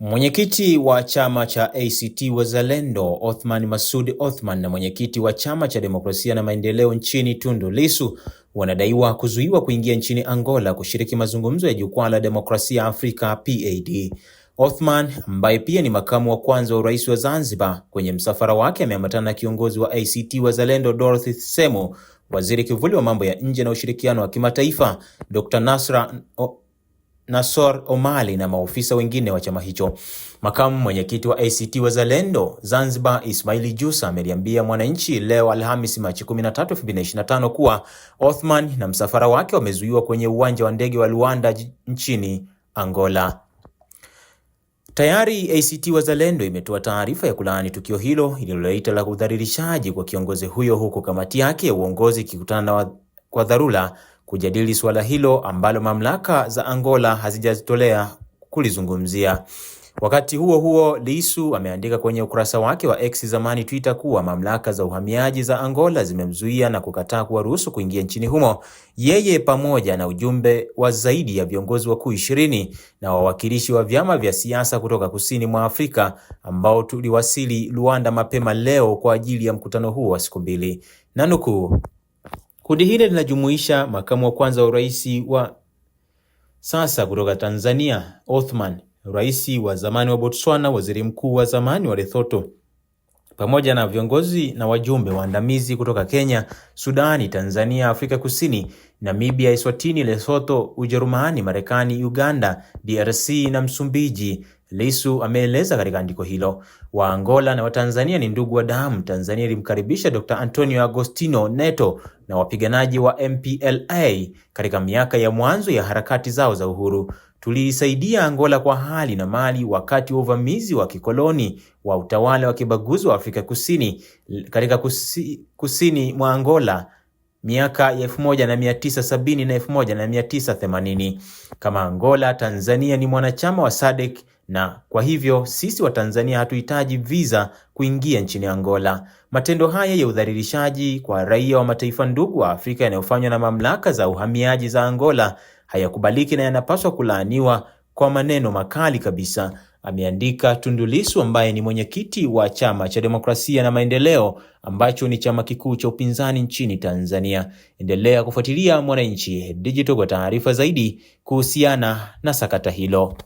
Mwenyekiti wa chama cha ACT Wazalendo Othman Masoud Othman na mwenyekiti wa chama cha Demokrasia na Maendeleo nchini Tundu Lissu wanadaiwa kuzuiwa kuingia nchini Angola kushiriki mazungumzo ya Jukwaa la Demokrasia Afrika PAD. Othman ambaye pia ni makamu wa kwanza wa urais wa Zanzibar, kwenye msafara wake ameambatana na kiongozi wa ACT Wazalendo Dorothy Semo, waziri kivuli wa mambo ya nje na ushirikiano wa kimataifa, Dr. Nasra Nassor Omali na maofisa wengine wa chama hicho. Makamu mwenyekiti wa ACT Wazalendo Zanzibar, Ismaili Jussa ameliambia Mwananchi leo Alhamisi Machi 13, 2025 kuwa Othman na msafara wake wamezuiwa kwenye uwanja wa ndege wa Luanda nchini Angola. Tayari ACT Wazalendo imetoa taarifa ya kulaani tukio hilo ililoita la udhalilishaji kwa kiongozi huyo, huku kamati yake ya uongozi ikikutana kwa dharura kujadili suala hilo ambalo mamlaka za Angola hazijazitolea kulizungumzia. Wakati huo huo, Lissu ameandika kwenye ukurasa wake wa X zamani Twitter kuwa mamlaka za uhamiaji za Angola zimemzuia na kukataa kuwaruhusu kuingia nchini humo yeye pamoja na ujumbe wa zaidi ya viongozi wakuu ishirini na wawakilishi wa vyama vya siasa kutoka Kusini mwa Afrika ambao tuliwasili Luanda mapema leo kwa ajili ya mkutano huo wa siku mbili. Nanukuu, Kundi hili linajumuisha makamu wa kwanza wa rais wa sasa kutoka Tanzania Othman, rais wa zamani wa Botswana, waziri mkuu wa zamani wa Lesotho, pamoja na viongozi na wajumbe waandamizi kutoka Kenya, Sudani, Tanzania, Afrika Kusini, Namibia, Eswatini, Lesotho, Ujerumani, Marekani, Uganda, DRC na Msumbiji. Lisu ameeleza katika andiko hilo, Waangola na Watanzania ni ndugu wa damu. Tanzania ilimkaribisha Dr. Antonio Agostino Neto na wapiganaji wa MPLA katika miaka ya mwanzo ya harakati zao za uhuru. Tuliisaidia Angola kwa hali na mali wakati wa uvamizi wa kikoloni wa utawala wa kibaguzi wa Afrika Kusini katika kusi, kusini mwa Angola miaka ya elfu moja na mia tisa sabini na elfu moja na mia tisa themanini. Kama Angola, Tanzania ni mwanachama wa SADC na kwa hivyo sisi wa Tanzania hatuhitaji visa kuingia nchini Angola. Matendo haya ya udhalilishaji kwa raia wa mataifa ndugu wa Afrika yanayofanywa na mamlaka za uhamiaji za Angola hayakubaliki na yanapaswa kulaaniwa kwa maneno makali kabisa ameandika Tundu Lissu ambaye ni mwenyekiti wa Chama cha Demokrasia na Maendeleo ambacho ni chama kikuu cha upinzani nchini Tanzania. Endelea kufuatilia Mwananchi Digital kwa taarifa zaidi kuhusiana na sakata hilo.